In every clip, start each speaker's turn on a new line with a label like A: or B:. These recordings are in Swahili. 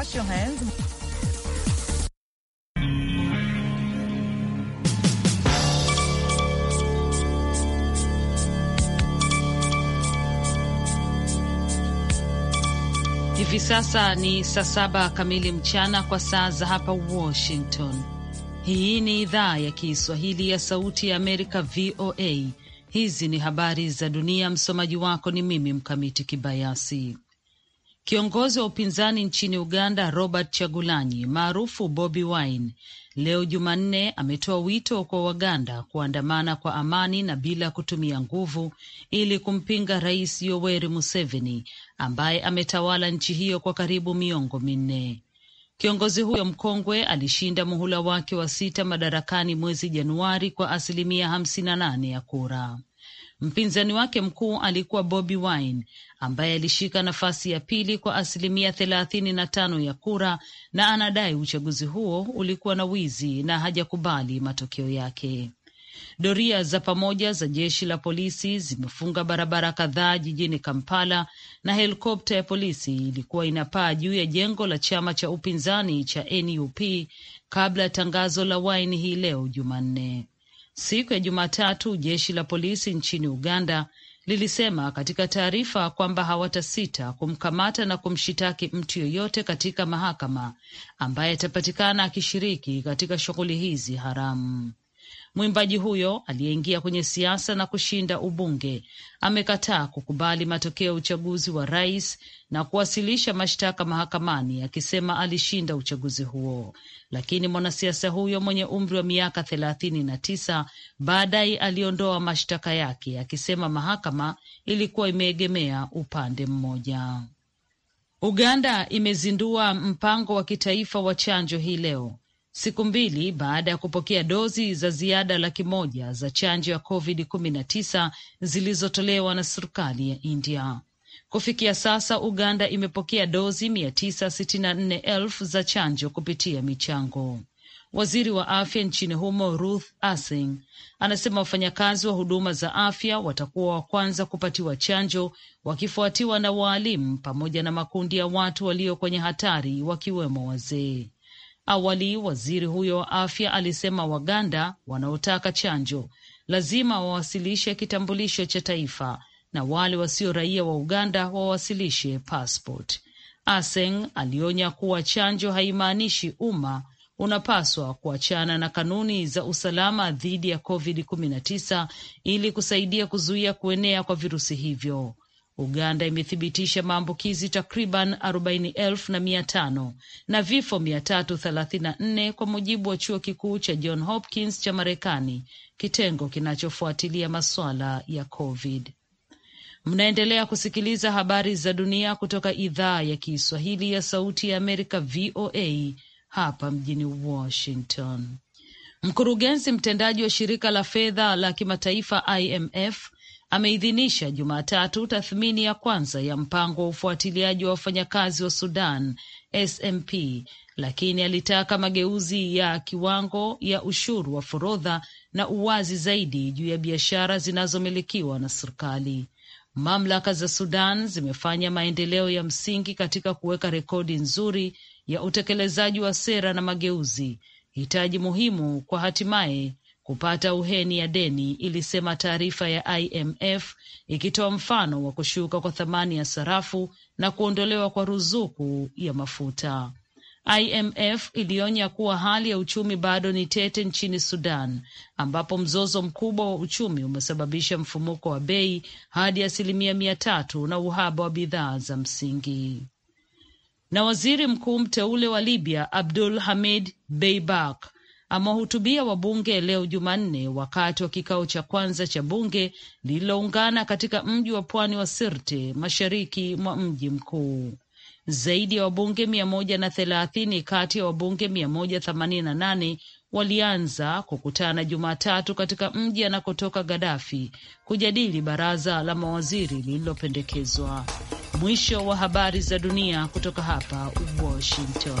A: Wash your hands.
B: Hivi sasa ni saa saba kamili mchana kwa saa za hapa Washington. Hii ni idhaa ya Kiswahili ya Sauti ya Amerika, VOA. Hizi ni habari za dunia. Msomaji wako ni mimi Mkamiti Kibayasi. Kiongozi wa upinzani nchini Uganda Robert Chagulanyi maarufu Bobi Wine leo Jumanne ametoa wito kwa Waganda kuandamana kwa amani na bila kutumia nguvu ili kumpinga Rais Yoweri Museveni ambaye ametawala nchi hiyo kwa karibu miongo minne. Kiongozi huyo mkongwe alishinda muhula wake wa sita madarakani mwezi Januari kwa asilimia hamsini na nane ya kura. Mpinzani wake mkuu alikuwa Bobi Wine ambaye alishika nafasi ya pili kwa asilimia thelathini na tano ya kura na anadai uchaguzi huo ulikuwa na wizi na hajakubali matokeo yake. Doria za pamoja za jeshi la polisi zimefunga barabara kadhaa jijini Kampala na helikopta ya polisi ilikuwa inapaa juu ya jengo la chama cha upinzani cha NUP kabla ya tangazo la Wine hii leo Jumanne. Siku ya Jumatatu, jeshi la polisi nchini Uganda lilisema katika taarifa kwamba hawatasita kumkamata na kumshitaki mtu yoyote katika mahakama ambaye atapatikana akishiriki katika shughuli hizi haramu. Mwimbaji huyo aliyeingia kwenye siasa na kushinda ubunge amekataa kukubali matokeo ya uchaguzi wa rais na kuwasilisha mashtaka mahakamani akisema alishinda uchaguzi huo. Lakini mwanasiasa huyo mwenye umri wa miaka thelathini na tisa baadaye aliondoa mashtaka yake akisema mahakama ilikuwa imeegemea upande mmoja. Uganda imezindua mpango wa kitaifa wa chanjo hii leo siku mbili baada ya kupokea dozi za ziada laki moja za chanjo ya COVID-19 zilizotolewa na serikali ya India. Kufikia sasa Uganda imepokea dozi 964,000 za chanjo kupitia michango. Waziri wa afya nchini humo Ruth Asing anasema wafanyakazi wa huduma za afya watakuwa wa kwanza kupatiwa chanjo, wakifuatiwa na waalimu pamoja na makundi ya watu walio kwenye hatari, wakiwemo wazee. Awali waziri huyo wa afya alisema Waganda wanaotaka chanjo lazima wawasilishe kitambulisho cha taifa na wale wasio raia wa Uganda wawasilishe passport. Aseng alionya kuwa chanjo haimaanishi umma unapaswa kuachana na kanuni za usalama dhidi ya COVID-19 ili kusaidia kuzuia kuenea kwa virusi hivyo. Uganda imethibitisha maambukizi takriban arobaini na na vifo 334 kwa mujibu wa chuo kikuu cha John Hopkins cha Marekani, kitengo kinachofuatilia masuala ya COVID. Mnaendelea kusikiliza habari za dunia kutoka idhaa ya Kiswahili ya Sauti ya Amerika, VOA hapa mjini Washington. Mkurugenzi mtendaji wa shirika la fedha la kimataifa IMF ameidhinisha Jumatatu tathmini ya kwanza ya mpango wa ufuatiliaji wa wafanyakazi wa Sudan SMP, lakini alitaka mageuzi ya kiwango ya ushuru wa forodha na uwazi zaidi juu ya biashara zinazomilikiwa na serikali. Mamlaka za Sudan zimefanya maendeleo ya msingi katika kuweka rekodi nzuri ya utekelezaji wa sera na mageuzi, hitaji muhimu kwa hatimaye kupata uheni ya deni, ilisema taarifa ya IMF ikitoa mfano wa kushuka kwa thamani ya sarafu na kuondolewa kwa ruzuku ya mafuta. IMF ilionya kuwa hali ya uchumi bado ni tete nchini Sudan, ambapo mzozo mkubwa wa uchumi umesababisha mfumuko wa bei hadi asilimia mia tatu na uhaba wa bidhaa za msingi. Na waziri mkuu mteule wa Libya Abdul Hamid Beibak amewahutubia wabunge leo Jumanne wakati wa kikao cha kwanza cha bunge lililoungana katika mji wa pwani wa Sirte, mashariki mwa mji mkuu. Zaidi ya wabunge mia moja na thelathini kati ya wabunge mia moja themanini na nane walianza kukutana Jumatatu katika mji anakotoka Gadafi kujadili baraza la mawaziri lililopendekezwa. Mwisho wa habari za dunia kutoka hapa Washington.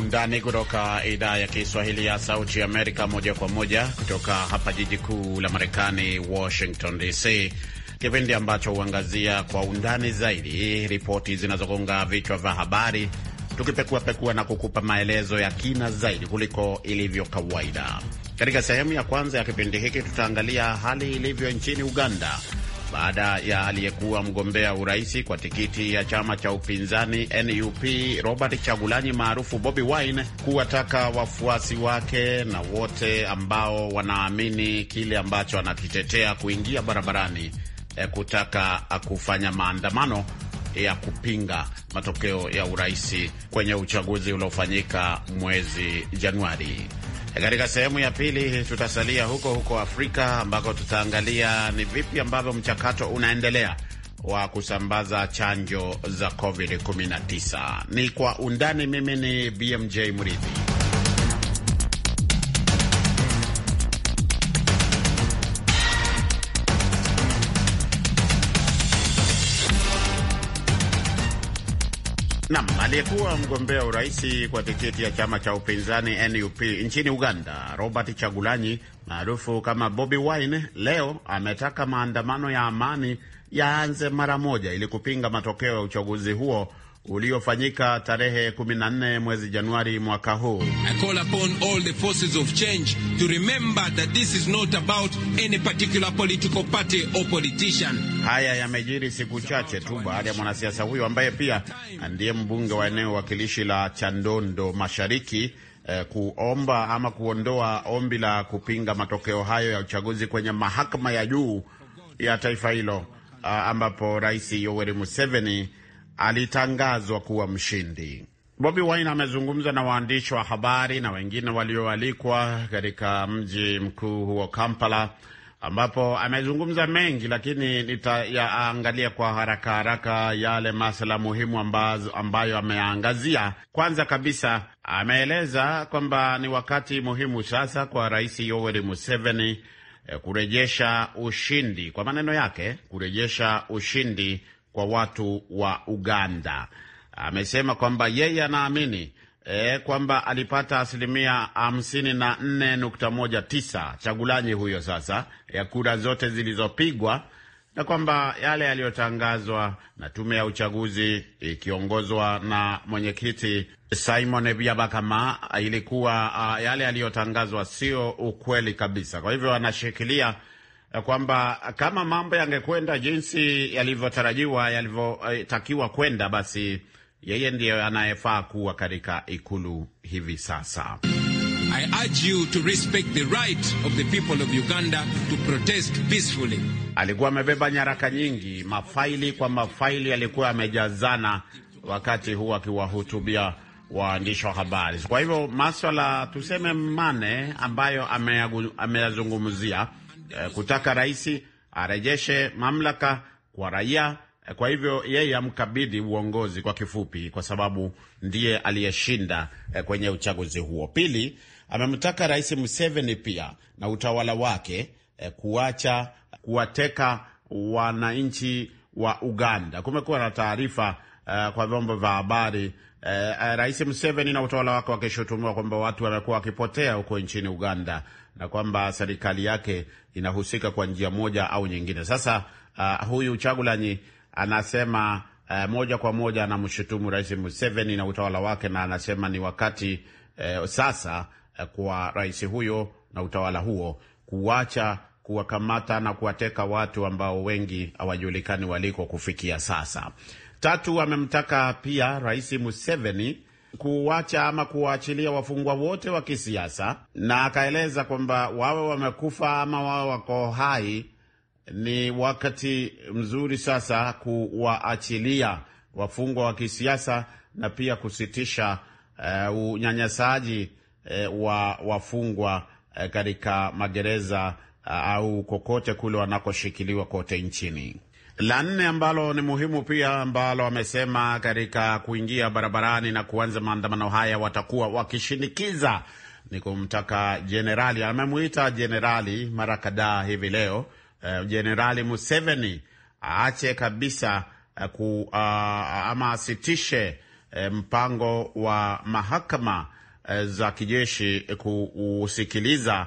A: undani kutoka idhaa ya Kiswahili ya Sauti ya Amerika, moja kwa moja kutoka hapa jiji kuu la Marekani, Washington DC, kipindi ambacho huangazia kwa undani zaidi ripoti zinazogonga vichwa vya habari, tukipekuapekua na kukupa maelezo ya kina zaidi kuliko ilivyo kawaida. Katika sehemu ya kwanza ya kipindi hiki, tutaangalia hali ilivyo nchini Uganda baada ya aliyekuwa mgombea uraisi kwa tikiti ya chama cha upinzani NUP Robert Chagulanyi maarufu Bobi Wine kuwataka wafuasi wake na wote ambao wanaamini kile ambacho anakitetea kuingia barabarani e, kutaka kufanya maandamano ya kupinga matokeo ya uraisi kwenye uchaguzi uliofanyika mwezi Januari. Katika sehemu ya pili tutasalia huko huko Afrika ambako tutaangalia ni vipi ambavyo mchakato unaendelea wa kusambaza chanjo za COVID-19. Ni kwa undani. Mimi ni BMJ mridhi Nam aliyekuwa mgombea uraisi kwa tiketi ya chama cha upinzani NUP nchini Uganda, Robert Chagulanyi maarufu kama Bobi Wine, leo ametaka maandamano ya amani yaanze mara moja ili kupinga matokeo ya uchaguzi huo uliofanyika tarehe 14 mwezi Januari mwaka huu. Haya yamejiri siku chache tu baada ya mwanasiasa huyo ambaye pia ndiye mbunge wa eneo wakilishi la Chandondo Mashariki eh, kuomba ama kuondoa ombi la kupinga matokeo hayo ya uchaguzi kwenye mahakama ya juu ya taifa hilo, ah, ambapo Rais Yoweri Museveni alitangazwa kuwa mshindi. Bobi Wine amezungumza na waandishi wa habari na wengine walioalikwa katika mji mkuu huo Kampala, ambapo amezungumza mengi, lakini nitayaangalia kwa haraka haraka yale masuala muhimu ambazo, ambayo ameyaangazia. Kwanza kabisa ameeleza kwamba ni wakati muhimu sasa kwa Rais Yoweri Museveni eh, kurejesha ushindi, kwa maneno yake, kurejesha ushindi kwa watu wa Uganda. Amesema kwamba yeye anaamini e, kwamba alipata asilimia hamsini na nne nukta moja tisa Chagulanyi huyo sasa ya kura zote zilizopigwa na kwamba yale yaliyotangazwa na tume ya uchaguzi ikiongozwa na mwenyekiti Simon Byabakama ilikuwa uh, yale yaliyotangazwa sio ukweli kabisa. Kwa hivyo anashikilia kwamba kama mambo yangekwenda jinsi yalivyotarajiwa, yalivyotakiwa kwenda, basi yeye ndiyo anayefaa kuwa katika ikulu hivi sasa. I urge you to respect the right of the people of Uganda to protest peacefully. Alikuwa amebeba nyaraka nyingi, mafaili kwa mafaili alikuwa amejazana wakati huu akiwahutubia waandishi wa habari. Kwa hivyo maswala tuseme mane ambayo ameyazungumzia eh, kutaka rais arejeshe mamlaka kwa raia eh, kwa hivyo yeye amkabidhi uongozi kwa kifupi, kwa sababu ndiye aliyeshinda eh, kwenye uchaguzi huo. Pili, amemtaka Rais Museveni pia na utawala wake eh, kuacha kuwateka wananchi wa Uganda. Kumekuwa na taarifa eh, kwa vyombo vya habari Eh, eh, Rais Museveni na utawala wake wakishutumiwa kwamba watu wamekuwa wakipotea huko nchini Uganda na kwamba serikali yake inahusika kwa njia moja au nyingine. Sasa uh, huyu Chagulanyi anasema uh, moja kwa moja anamshutumu Rais Museveni na utawala wake, na anasema ni wakati uh, sasa uh, kwa rais huyo na utawala huo kuacha kuwakamata na kuwateka watu ambao wengi hawajulikani waliko kufikia sasa. Tatu, amemtaka pia Rais Museveni kuwacha ama kuwaachilia wafungwa wote wa kisiasa, na akaeleza kwamba wawe wamekufa ama wawe wako hai, ni wakati mzuri sasa kuwaachilia wafungwa wa kisiasa na pia kusitisha uh, unyanyasaji uh, wa wafungwa uh, katika magereza uh, au kokote kule wanakoshikiliwa kote nchini. La nne ambalo ni muhimu pia ambalo wamesema katika kuingia barabarani na kuanza maandamano haya watakuwa wakishinikiza ni kumtaka jenerali, amemwita jenerali mara kadhaa hivi leo, eh, jenerali uh, Museveni aache kabisa uh, ku, uh, ama asitishe uh, mpango wa mahakama uh, za kijeshi kusikiliza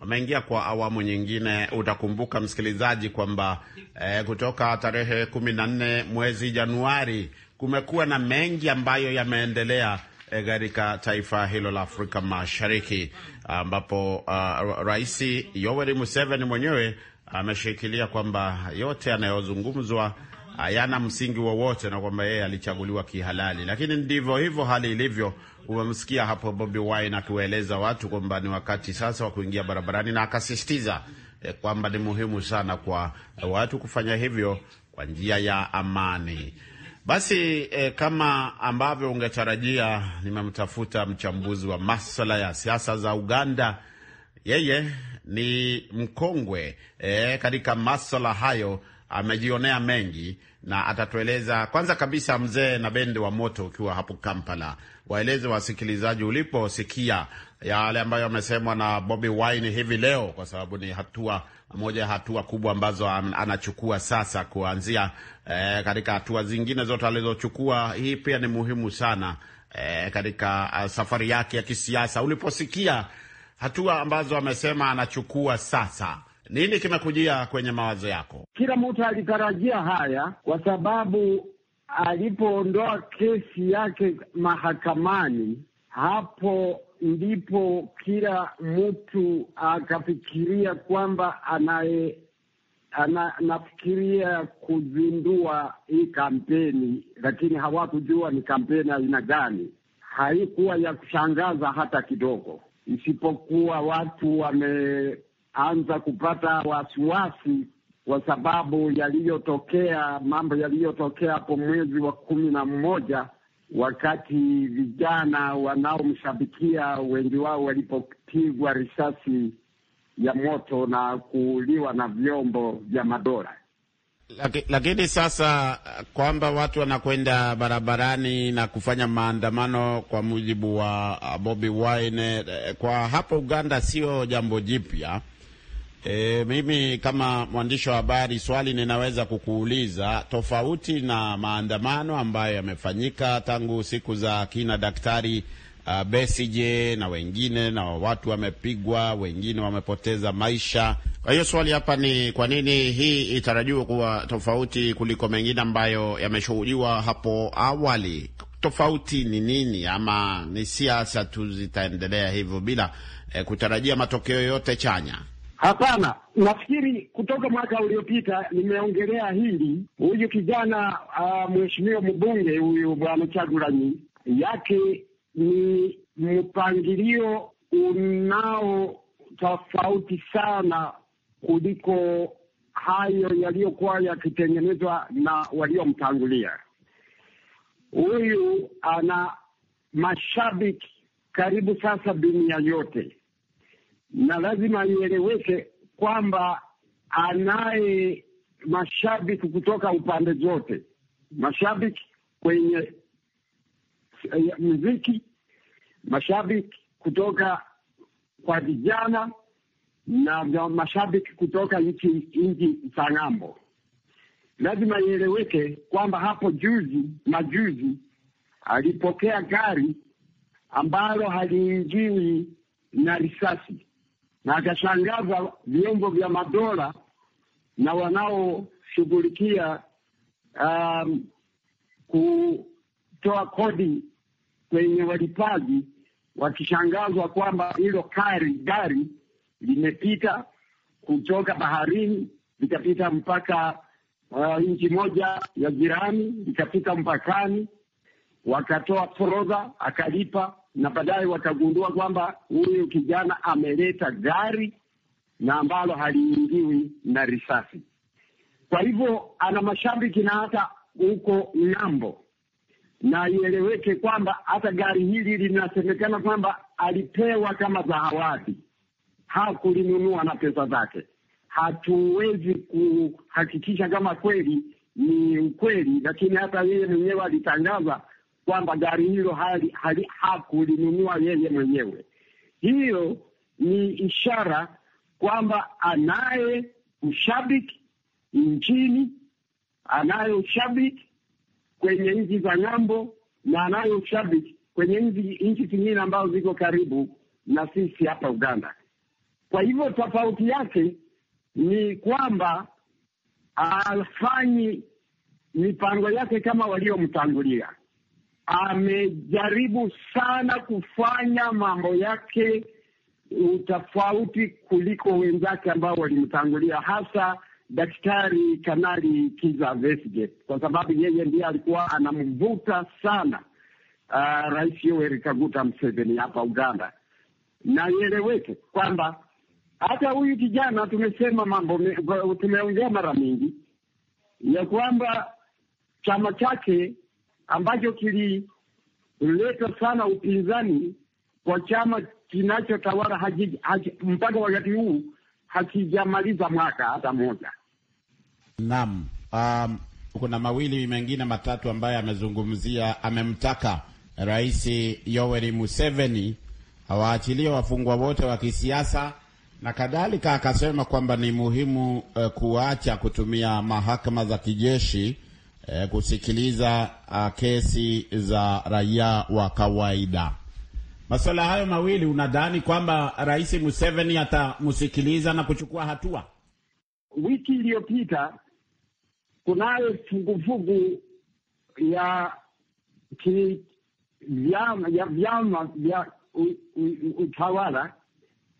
A: ameingia kwa awamu nyingine. Utakumbuka msikilizaji, kwamba eh, kutoka tarehe kumi na nne mwezi Januari kumekuwa na mengi ambayo yameendelea eh, katika taifa hilo la Afrika Mashariki ambapo uh, Rais Yoweri Museveni mwenyewe ameshikilia kwamba yote yanayozungumzwa hayana msingi wowote na kwamba yeye alichaguliwa kihalali, lakini ndivyo hivyo hali ilivyo Umemsikia hapo Bobi Wine akiwaeleza watu kwamba ni wakati sasa wa kuingia barabarani, na akasisitiza eh, kwamba ni muhimu sana kwa eh, watu kufanya hivyo kwa njia ya amani. Basi eh, kama ambavyo ungetarajia, nimemtafuta mchambuzi wa masuala ya siasa za Uganda. Yeye ni mkongwe eh, katika masuala hayo amejionea mengi na atatueleza. Kwanza kabisa, mzee na bendi wa moto, ukiwa hapo Kampala, waeleze wasikilizaji uliposikia yale ambayo amesemwa na Bobi Wine hivi leo, kwa sababu ni hatua moja ya hatua kubwa ambazo anachukua sasa kuanzia eh, katika hatua zingine zote alizochukua. Hii pia ni muhimu sana eh, katika eh, safari yake ya kisiasa. Uliposikia hatua ambazo amesema anachukua sasa nini kinakujia kwenye mawazo yako?
C: Kila mtu alitarajia haya kwa sababu alipoondoa kesi yake mahakamani, hapo ndipo kila mtu akafikiria kwamba anaye ana, nafikiria kuzindua hii kampeni, lakini hawakujua ni kampeni aina gani. Haikuwa ya kushangaza hata kidogo, isipokuwa watu wame anza kupata wasiwasi kwa sababu yaliyotokea, mambo yaliyotokea hapo mwezi wa kumi na mmoja wakati vijana wanaomshabikia wengi wao walipopigwa risasi ya moto na kuuliwa na vyombo vya madola.
A: Laki, lakini sasa uh, kwamba watu wanakwenda barabarani na kufanya maandamano kwa mujibu wa uh, Bobi Wine eh, kwa hapo Uganda sio jambo jipya. E, mimi kama mwandishi wa habari swali ninaweza kukuuliza, tofauti na maandamano ambayo yamefanyika tangu siku za kina Daktari uh, Besigye na wengine, na watu wamepigwa, wengine wamepoteza maisha. Kwa hiyo swali hapa ni kwa nini hii itarajiwa kuwa tofauti kuliko mengine ambayo yameshuhudiwa hapo awali? Tofauti ni nini, ama ni siasa tu zitaendelea hivyo bila eh, kutarajia matokeo yote chanya? Hapana, nafikiri
C: kutoka mwaka uliopita nimeongelea hili. Huyu kijana uh, mheshimiwa mbunge huyu bwana Chagulanyi yake ni mpangilio unao tofauti sana kuliko hayo yaliyokuwa yakitengenezwa na waliomtangulia. Huyu ana mashabiki karibu sasa dunia yote na lazima ieleweke kwamba anaye mashabiki kutoka upande zote, mashabiki kwenye eh, muziki, mashabiki kutoka kwa vijana na mashabiki kutoka nchi nchi za ng'ambo. Lazima ieleweke kwamba hapo juzi majuzi alipokea gari ambalo haliingiwi na risasi na akashangaza vyombo vya madola na wanaoshughulikia um, kutoa kodi kwenye walipaji wakishangazwa kwamba hilo kari gari limepita kutoka baharini likapita mpaka uh, nchi moja ya jirani likapita mpakani, wakatoa forodha akalipa na baadaye watagundua kwamba huyu kijana ameleta gari na ambalo haliingiwi na risasi. Kwa hivyo ana mashabiki na hata huko ng'ambo, na ieleweke kwamba hata gari hili linasemekana kwamba alipewa kama zawadi, hakulinunua na pesa zake. Hatuwezi kuhakikisha kama kweli ni ukweli, lakini hata yeye mwenyewe alitangaza kwamba gari hilo hali, hali hakulinunua yeye mwenyewe. Hiyo ni ishara kwamba anaye ushabiki nchini, anaye ushabiki kwenye nchi za ng'ambo na anaye ushabiki kwenye nchi zingine ambazo ziko karibu na sisi hapa Uganda. Kwa hivyo tofauti yake ni kwamba afanyi mipango yake kama waliomtangulia amejaribu sana kufanya mambo yake utofauti kuliko wenzake ambao walimtangulia, hasa Daktari Kanali Kiza Besigye, kwa sababu yeye ndiye alikuwa anamvuta sana uh, Rais Yoweri Kaguta Museveni hapa Uganda. Na ieleweke kwamba hata huyu kijana tumesema mambo, tumeongea mara mingi ya kwamba chama chake ambacho kilileta sana upinzani kwa chama kinachotawala mpaka wakati huu hakijamaliza mwaka hata moja.
A: Naam, um, kuna mawili mengine matatu ambayo amezungumzia. Amemtaka Rais Yoweri Museveni awaachilie wafungwa wote wa kisiasa na kadhalika, akasema kwamba ni muhimu uh, kuacha kutumia mahakama za kijeshi eh, kusikiliza uh, kesi za raia wa kawaida. Masuala hayo mawili, unadhani kwamba Rais Museveni atamsikiliza na kuchukua hatua? Wiki iliyopita kunayo vuguvugu ya
C: ki, vyama, ya vyama vya utawala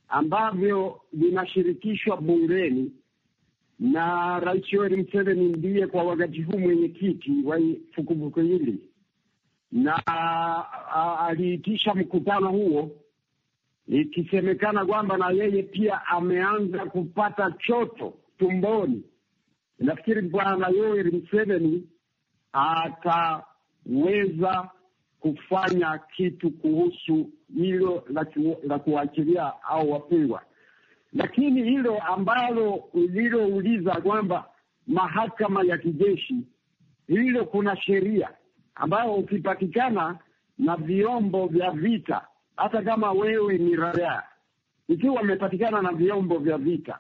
C: ambavyo vinashirikishwa bungeni na Rais Yoweri Museveni ndiye kwa wakati huu mwenyekiti wa fukufuku hili, na aliitisha mkutano huo ikisemekana kwamba na yeye pia ameanza kupata choto tumboni. Nafikiri Bwana Yoweri Museveni ataweza kufanya kitu kuhusu hilo la kuachilia au wafungwa. Lakini hilo ambalo ulilouliza kwamba mahakama ya kijeshi, hilo kuna sheria ambayo ukipatikana na vyombo vya vita, hata kama wewe ni raia, ikiwa umepatikana na vyombo vya vita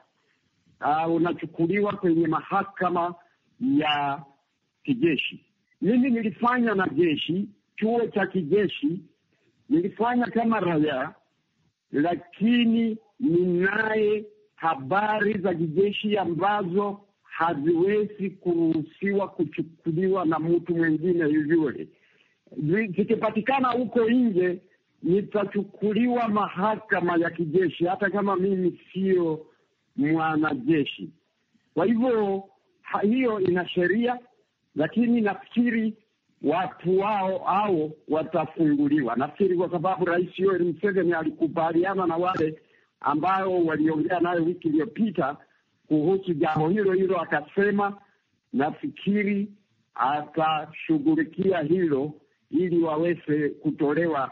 C: uh, unachukuliwa kwenye mahakama ya kijeshi. Mimi nilifanya na jeshi, chuo cha kijeshi nilifanya kama raia, lakini ninaye habari za kijeshi ambazo haziwezi kuruhusiwa kuchukuliwa na mtu mwingine yule. Zikipatikana huko nje, nitachukuliwa mahakama ya kijeshi, hata kama mimi sio mwanajeshi. Kwa hivyo hiyo ina sheria, lakini nafikiri watu wao au watafunguliwa, nafikiri kwa sababu Rais Yoweri Museveni alikubaliana na wale ambayo waliongea nayo wiki iliyopita kuhusu jambo hilo hilo, akasema nafikiri atashughulikia hilo ili waweze kutolewa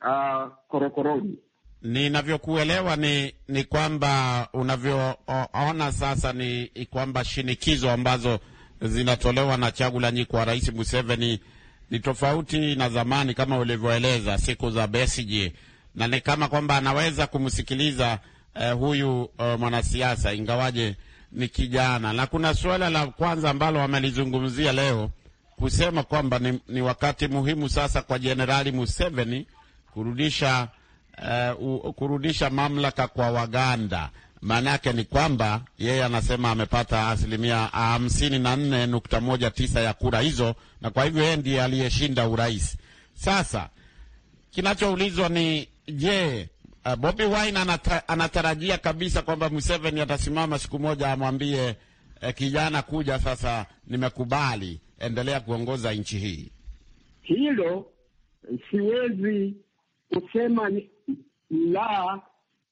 C: uh, korokoroni.
A: Ninavyokuelewa ni ni kwamba unavyoona sasa ni kwamba shinikizo ambazo zinatolewa na Chagulanyi kwa Rais Museveni ni tofauti na zamani, kama ulivyoeleza siku za Besigye na ni kama kwamba anaweza kumsikiliza eh, huyu eh, mwanasiasa ingawaje ni kijana. Na kuna suala la kwanza ambalo wamelizungumzia leo kusema kwamba ni, ni wakati muhimu sasa kwa Jenerali Museveni kurudisha uh, kurudisha mamlaka kwa Waganda. Maana yake ni kwamba yeye anasema amepata asilimia ah, hamsini na nne nukta moja tisa ya kura hizo, na kwa hivyo yeye ndiye aliyeshinda urais. Sasa kinachoulizwa ni Je, uh, Bobi Wine anata, anatarajia kabisa kwamba Museveni atasimama siku moja amwambie eh, kijana, kuja sasa, nimekubali, endelea kuongoza nchi hii?
C: Hilo siwezi kusema la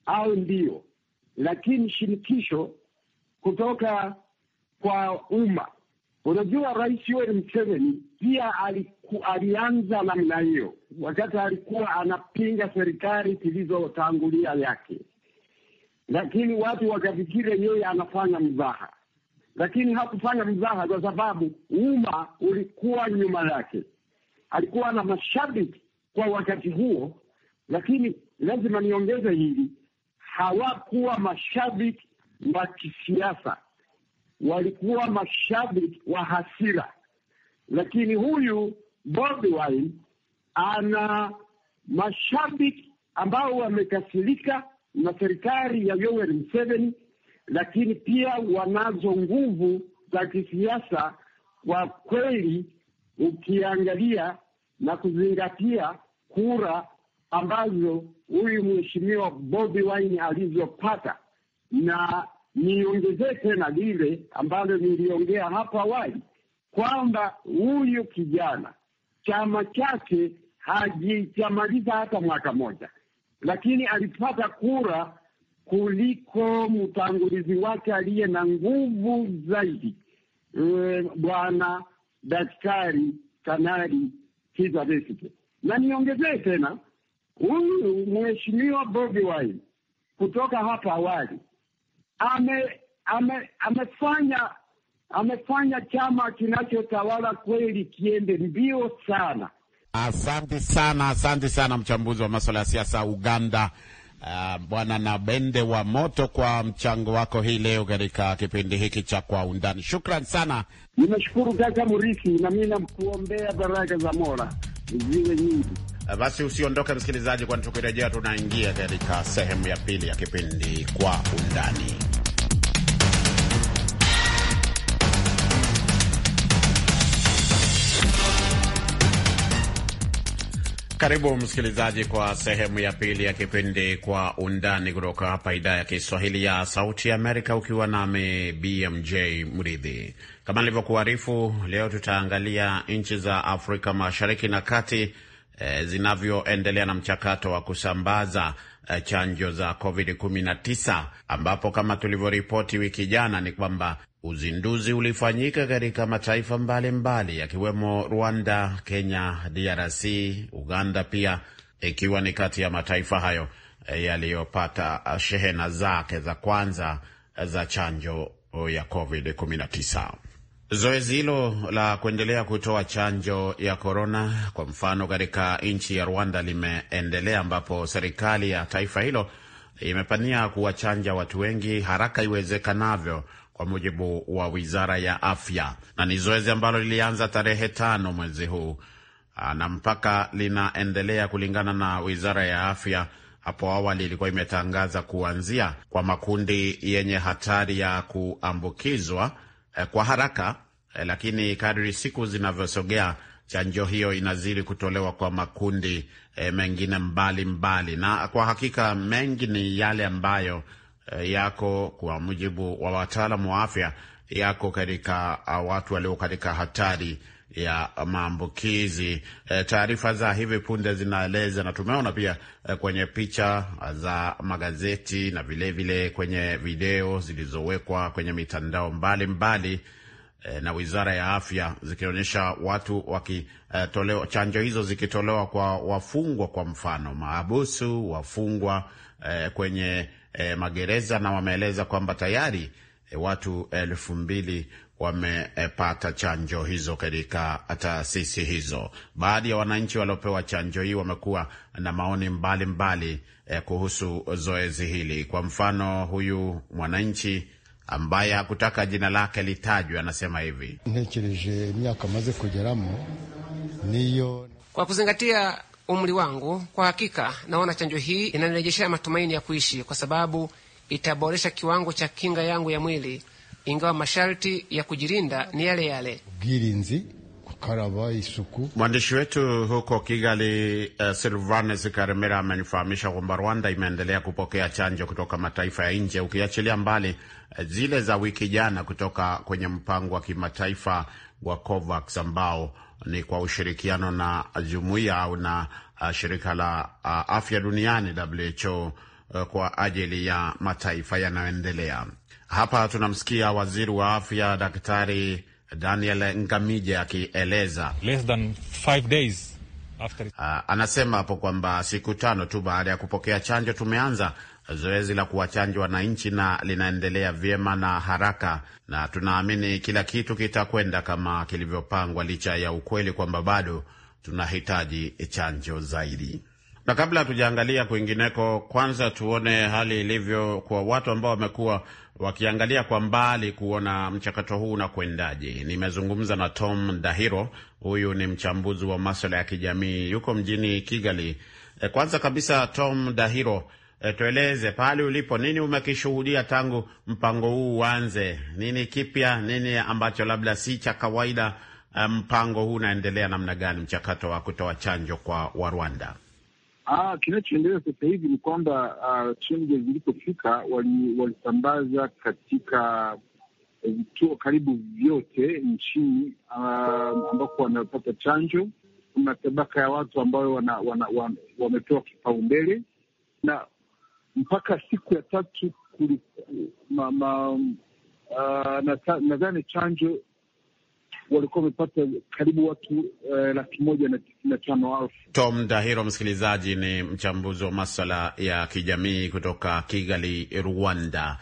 C: au ndio, lakini shirikisho kutoka kwa umma. Unajua, Rais Yoweri Museveni pia aliku, alianza namna hiyo wakati alikuwa anapinga serikali zilizotangulia yake, lakini watu wakafikiri yeye anafanya mzaha, lakini hakufanya mzaha kwa sababu umma ulikuwa nyuma yake. Alikuwa na mashabiki kwa wakati huo, lakini lazima niongeze hili, hawakuwa mashabiki wa kisiasa, walikuwa mashabiki wa hasira lakini huyu Bobi Wine ana mashabiki ambao wamekasirika na serikali ya Yoweri Museveni, lakini pia wanazo nguvu za kisiasa kwa kweli, ukiangalia na kuzingatia kura ambazo huyu mheshimiwa Bobi Wine alizopata, na niongezee tena lile ambalo niliongea hapo awali kwamba huyu kijana chama chake hajichamaliza hata mwaka moja, lakini alipata kura kuliko mtangulizi wake aliye na nguvu zaidi, eh, bwana daktari kanari Kizza Besigye. Na niongezee tena, huyu mheshimiwa Bobi Wine kutoka hapa awali ame- amefanya ame amefanya chama kinachotawala kweli kiende mbio sana.
A: Asante sana, asante sana mchambuzi wa maswala ya siasa Uganda, uh, Bwana Nabende wa Moto, kwa mchango wako hii leo katika kipindi hiki cha Kwa Undani. Shukran sana. Nimeshukuru kaka Murithi, na mi namkuombea baraka za Mola ziwe nyingi. Ah, basi usiondoke msikilizaji, kwani tukirejea tunaingia katika sehemu ya pili ya kipindi Kwa Undani. Karibu msikilizaji kwa sehemu ya pili ya kipindi Kwa Undani kutoka hapa idhaa ya Kiswahili ya Sauti ya Amerika, ukiwa nami BMJ Mridhi. Kama nilivyokuarifu, leo tutaangalia nchi za Afrika Mashariki na Kati e, zinavyoendelea na mchakato wa kusambaza e, chanjo za COVID-19 ambapo kama tulivyoripoti wiki jana ni kwamba Uzinduzi ulifanyika katika mataifa mbalimbali yakiwemo Rwanda, Kenya, DRC, Uganda pia ikiwa ni kati ya mataifa hayo eh, yaliyopata eh, shehena zake za kwanza eh, za chanjo oh, ya COVID-19. Zoezi hilo la kuendelea kutoa chanjo ya korona, kwa mfano, katika nchi ya Rwanda limeendelea, ambapo serikali ya taifa hilo imepania kuwachanja watu wengi haraka iwezekanavyo kwa mujibu wa wizara ya afya, na ni zoezi ambalo lilianza tarehe tano mwezi huu ah, na mpaka linaendelea kulingana na wizara ya afya. Hapo awali ilikuwa imetangaza kuanzia kwa makundi yenye hatari ya kuambukizwa eh, kwa haraka eh, lakini kadri siku zinavyosogea chanjo hiyo inazidi kutolewa kwa makundi eh, mengine mbalimbali mbali. Na kwa hakika mengi ni yale ambayo Eh, yako kwa mujibu wa wataalamu wa afya, yako katika ah, watu walio katika hatari ya maambukizi. E, taarifa za hivi punde zinaeleza na tumeona pia e, kwenye picha za magazeti na vilevile vile kwenye video zilizowekwa kwenye mitandao mbalimbali mbali, e, na Wizara ya Afya zikionyesha watu wakitolewa chanjo hizo zikitolewa kwa wafungwa, kwa mfano maabusu wafungwa e, kwenye e, magereza na wameeleza kwamba tayari e, watu elfu mbili wamepata chanjo hizo katika taasisi hizo. Baadhi ya wananchi waliopewa chanjo hii wamekuwa na maoni mbalimbali mbali, eh, e, kuhusu zoezi hili. Kwa mfano, huyu mwananchi ambaye hakutaka jina lake litajwe anasema hivi: ntekereje myaka maze kugeramo niyo kwa kuzingatia umri wangu, kwa hakika naona chanjo hii inanirejeshea matumaini ya kuishi, kwa sababu itaboresha kiwango cha kinga yangu ya mwili, ingawa masharti ya kujilinda ni yale yale. Girinzi Mwandishi wetu huko Kigali, uh, eh, Silvanes Karemera amenifahamisha kwamba Rwanda imeendelea kupokea chanjo kutoka mataifa ya nje, ukiachilia mbali eh, zile za wiki jana kutoka kwenye mpango wa kimataifa wa COVAX ambao ni kwa ushirikiano na jumuiya au na shirika la afya duniani WHO kwa ajili ya mataifa yanayoendelea. Hapa tunamsikia waziri wa afya Daktari Daniel Ngamije akieleza anasema hapo kwamba siku tano tu baada ya kupokea chanjo tumeanza Zoezi la kuwachanja wananchi na linaendelea vyema na haraka, na tunaamini kila kitu kitakwenda kama kilivyopangwa, licha ya ukweli kwamba bado tunahitaji chanjo zaidi. Na kabla hatujaangalia kwingineko, kwanza tuone hali ilivyo kwa watu ambao wamekuwa wakiangalia kwa mbali kuona mchakato huu unakwendaje. Nimezungumza na Tom Dahiro, huyu ni mchambuzi wa maswala ya kijamii, yuko mjini Kigali. E, kwanza kabisa, Tom Dahiro, E, tueleze pale ulipo, nini umekishuhudia tangu mpango huu uanze? Nini kipya, nini ambacho labda si cha kawaida? E, mpango huu unaendelea namna gani, mchakato wa kutoa chanjo kwa Warwanda?
C: Ah, kinachoendelea sasa hivi ni kwamba ah, chanjo uh, zilipofika walisambaza wali katika eh, vituo karibu vyote nchini uh, ambako wanapata chanjo. Kuna tabaka ya watu ambayo wana, wana, wana, wamepewa kipaumbele na mpaka siku ya tatu ah, nadhani chanjo walikuwa wamepata karibu watu uh, laki moja na tisini na
A: tano elfu. Tom Dahiro, msikilizaji, ni mchambuzi wa maswala ya kijamii kutoka Kigali, Rwanda.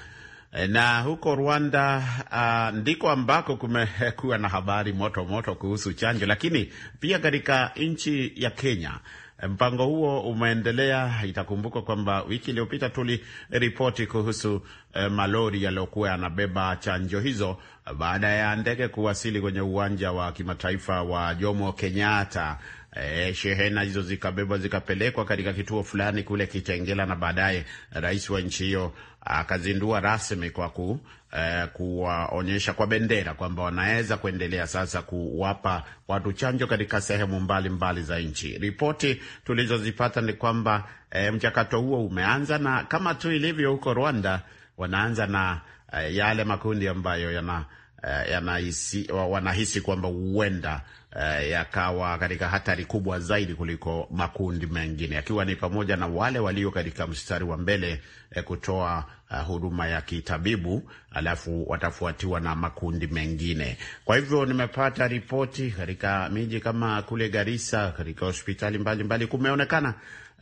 A: Eh, na huko Rwanda uh, ndiko ambako kumekuwa na habari moto moto kuhusu chanjo, lakini pia katika nchi ya Kenya Mpango huo umeendelea. Itakumbukwa kwamba wiki iliyopita tuliripoti kuhusu eh, malori yaliyokuwa yanabeba chanjo hizo baada ya ndege kuwasili kwenye uwanja wa kimataifa wa Jomo Kenyatta. E, shehena hizo zikabebwa zikapelekwa katika kituo fulani kule Kitengela, na baadaye rais wa nchi hiyo akazindua rasmi kwa ku eh, kuwaonyesha kwa bendera kwamba wanaweza kuendelea sasa kuwapa watu chanjo katika sehemu mbalimbali mbali za nchi. Ripoti tulizozipata ni kwamba eh, mchakato huo umeanza na kama tu ilivyo huko Rwanda wanaanza na eh, yale makundi ambayo yana uh, wanahisi kwamba huenda uh, yakawa katika hatari kubwa zaidi kuliko makundi mengine, akiwa ni pamoja na wale walio katika mstari wa mbele uh, kutoa uh, huduma ya kitabibu, alafu watafuatiwa na makundi mengine. Kwa hivyo nimepata ripoti katika miji kama kule Garissa, katika hospitali mbalimbali kumeonekana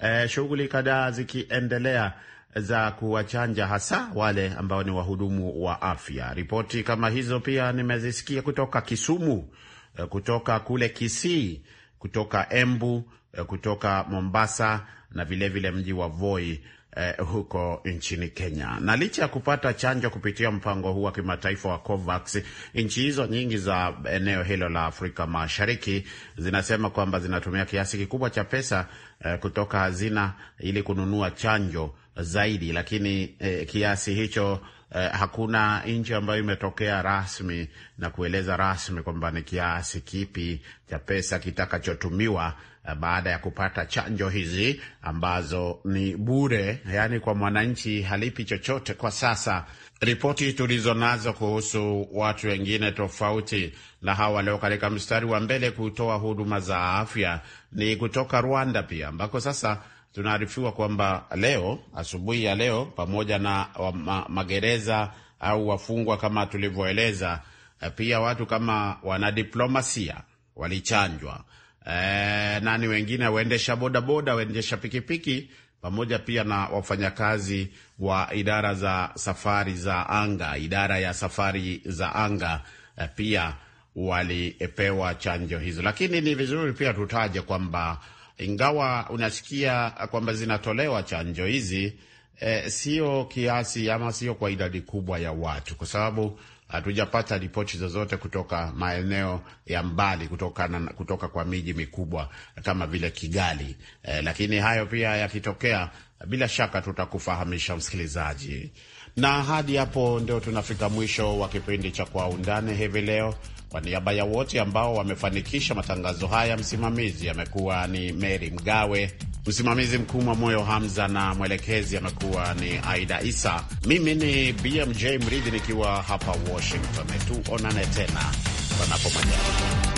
A: uh, shughuli kadhaa zikiendelea za kuwachanja hasa wale ambao ni wahudumu wa afya. Ripoti kama hizo pia nimezisikia kutoka Kisumu, eh, kutoka kule Kisii, kutoka Embu, eh, kutoka Mombasa na vilevile mji wa Voi eh, huko nchini Kenya. Na licha ya kupata chanjo kupitia mpango huu wa kimataifa wa COVAX, nchi hizo nyingi za eneo hilo la Afrika Mashariki zinasema kwamba zinatumia kiasi kikubwa cha pesa eh, kutoka hazina ili kununua chanjo zaidi, lakini eh, kiasi hicho eh, hakuna nchi ambayo imetokea rasmi na kueleza rasmi kwamba ni kiasi kipi cha pesa kitakachotumiwa eh, baada ya kupata chanjo hizi ambazo ni bure, yaani kwa mwananchi halipi chochote kwa sasa. Ripoti tulizo nazo kuhusu watu wengine tofauti na hawa walio katika mstari wa mbele kutoa huduma za afya ni kutoka Rwanda pia ambako sasa tunaarifiwa kwamba leo asubuhi ya leo pamoja na ma magereza au wafungwa kama tulivyoeleza, eh, pia watu kama wanadiplomasia walichanjwa e, eh, nani wengine, waendesha bodaboda, waendesha pikipiki pamoja pia na wafanyakazi wa idara za safari za anga, idara ya safari za anga eh, pia walipewa chanjo hizo. Lakini ni vizuri pia tutaje kwamba ingawa unasikia kwamba zinatolewa chanjo hizi e, sio kiasi ama sio kwa idadi kubwa ya watu, kwa sababu hatujapata ripoti zozote kutoka maeneo ya mbali kutoka, na, kutoka kwa miji mikubwa kama vile Kigali e, lakini hayo pia yakitokea, bila shaka tutakufahamisha msikilizaji. Na hadi hapo ndio tunafika mwisho wa kipindi cha Kwa Undani hivi leo. Kwa niaba ya wote ambao wamefanikisha matangazo haya, msimamizi amekuwa ni Mary Mgawe, msimamizi mkuu wa Moyo Hamza, na mwelekezi amekuwa ni Aida Isa. Mimi ni BMJ Mridhi nikiwa hapa Washington. Tuonane tena panapo majaliwa.